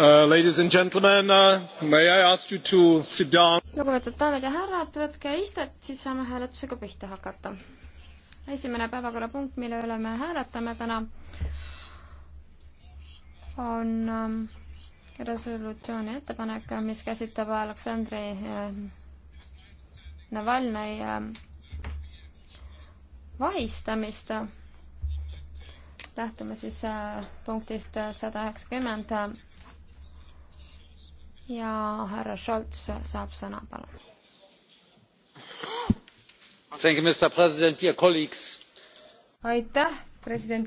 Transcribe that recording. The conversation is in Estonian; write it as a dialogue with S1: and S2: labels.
S1: Uh, ladies and gentlemen, uh, may I ask you to sit down?
S2: lugupeetud daamid ja härrad, võtke istet, siis saame hääletusega pihta hakata. esimene päevakorrapunkt, mille üle me hääletame täna, on um, resolutsiooni ettepanek, mis käsitleb Aleksandri eh, Navalnõi eh, vahistamist lähtume siis äh, punktist äh, sada üheksakümmend. ja härra Scholz saab sõna, palun. aitäh, president